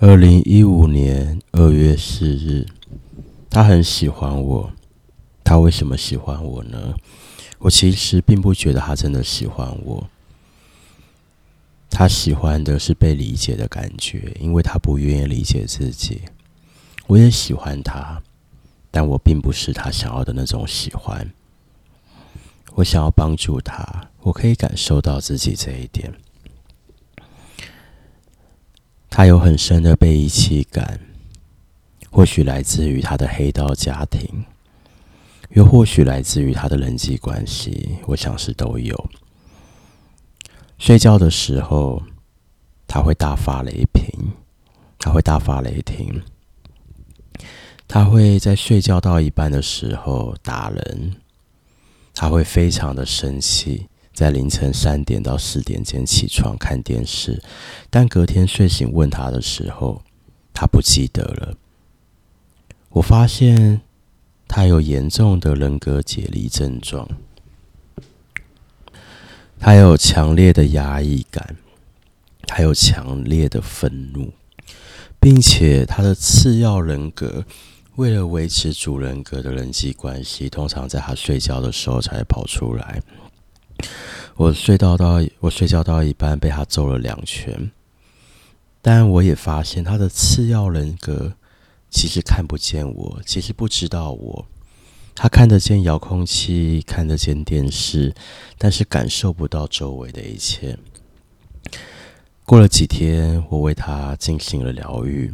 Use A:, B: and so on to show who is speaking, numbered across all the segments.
A: 二零一五年二月四日，他很喜歡我。他為什麼喜歡我呢？我其實並不覺得他真的喜歡我。他喜歡的是被理解的感覺，因為他不願意理解自己。我也喜歡他，但我並不是他想要的那種喜歡。我想要幫助他，我可以感受到自己這一點。他有很深的被遺棄感，或許來自於他的黑道家庭，又或許來自於他的人際關係，我想是都有。睡覺的時候，他會大發，發雷霆，他會大發雷霆，他會在睡覺到一半的時候打人，他會非常的生氣。在凌晨三點到四點間起床看電視，但隔天睡醒問他的時候，他不記得了。我發現他有嚴重的人格解離症狀，他有強烈的壓抑感，他有強烈的憤怒，並且他的次要人格為了維持主人格的人際關係，通常在他睡覺的時候才跑出來。我睡到到我睡覺到一半，被他揍了兩拳。但我也發現，他的次要人格其實看不見我，其實不知道我。他看得見遙控器，看得見電視，但是感受不到周圍的一切。過了幾天，我為他進行了療癒。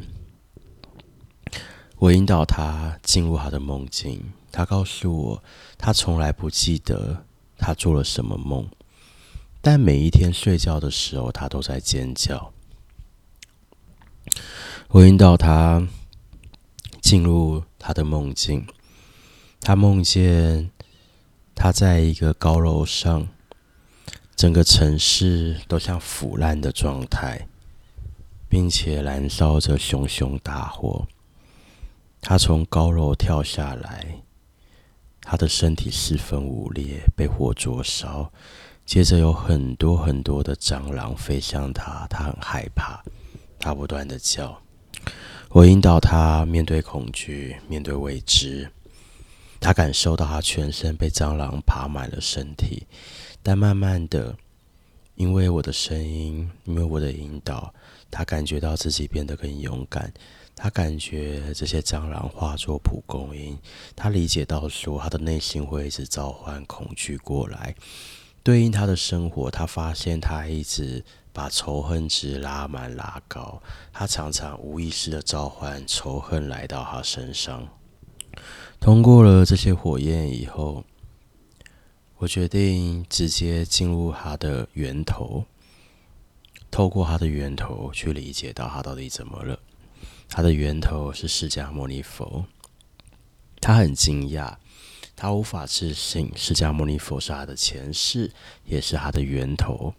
A: 我引導他進入他的夢境，他告訴我，他從來不記得。他做了什麼夢？但每一天睡覺的時候，他都在尖叫。我引導他進入他的夢境，他夢見他在一個高樓上，整個城市都像腐爛的狀態，並且燃燒着熊熊大火。他從高樓跳下來。他的身體四分五裂，被火灼燒，接着有很多很多的蟑螂飛向他，他很害怕，他不斷的叫。我引導他面對恐懼，面對未知。他感受到他全身被蟑螂爬滿了身體，但慢慢的，因為我的聲音，因為我的引導，他感覺到自己變得更勇敢。他感覺這些蟑螂化作蒲公英，他理解到說，他的內心會一直召喚恐懼過來，對應他的生活。他發現他一直把仇恨值拉滿拉高，他常常無意識的召喚仇恨來到他身上。通過了這些火焰以後，我決定直接進入他的源頭，透過他的源頭去理解到他到底怎麼了。他的源頭是釋迦牟尼佛，他很驚訝，他無法置信釋迦牟尼佛是他的前世，也是他的源頭。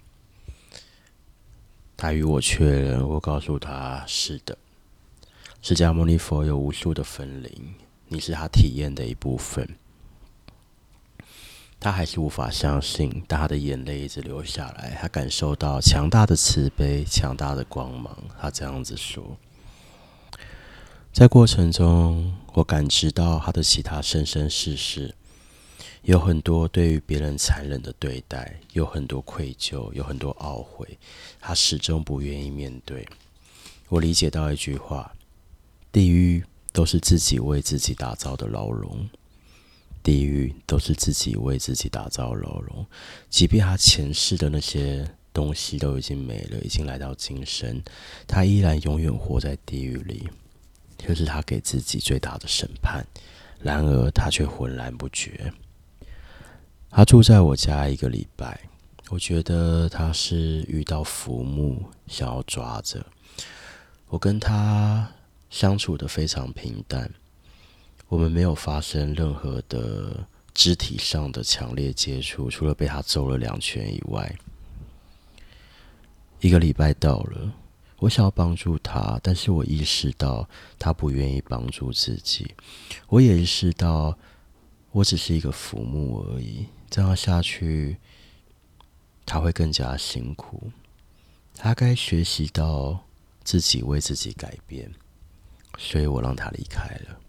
A: 他與我確認，我告訴他是的，釋迦牟尼佛有無數的分靈，你是他體驗的一部分。他還是無法相信，但他的眼淚一直流下來，他感受到強大的慈悲，強大的光芒。他這樣子說。在過程中，我感知到他的其他生生世世，有很多對於別人殘忍的對待，有很多愧疚，有很多懊悔，他始終不願意面對。我理解到一句話：地獄都是自己為自己打造的牢籠，地獄都是自己為自己打造牢籠。即便他前世的那些東西都已經沒了，已經來到今生，他依然永遠活在地獄裡。這是他給自己最大的審判，然而他卻渾然不覺。他住在我家一個禮拜，我覺得他是遇到浮木想要抓着。我跟他相處得非常平淡，我們沒有發生任何的肢體上的強烈接觸，除了被他揍了兩拳以外。一個禮拜到了。我想要幫助他，但是我意識到他不願意幫助自己。我也意識到，我只是一個浮木而已。這樣下去，他會更加辛苦。他該學習到自己為自己改變。所以我讓他離開了。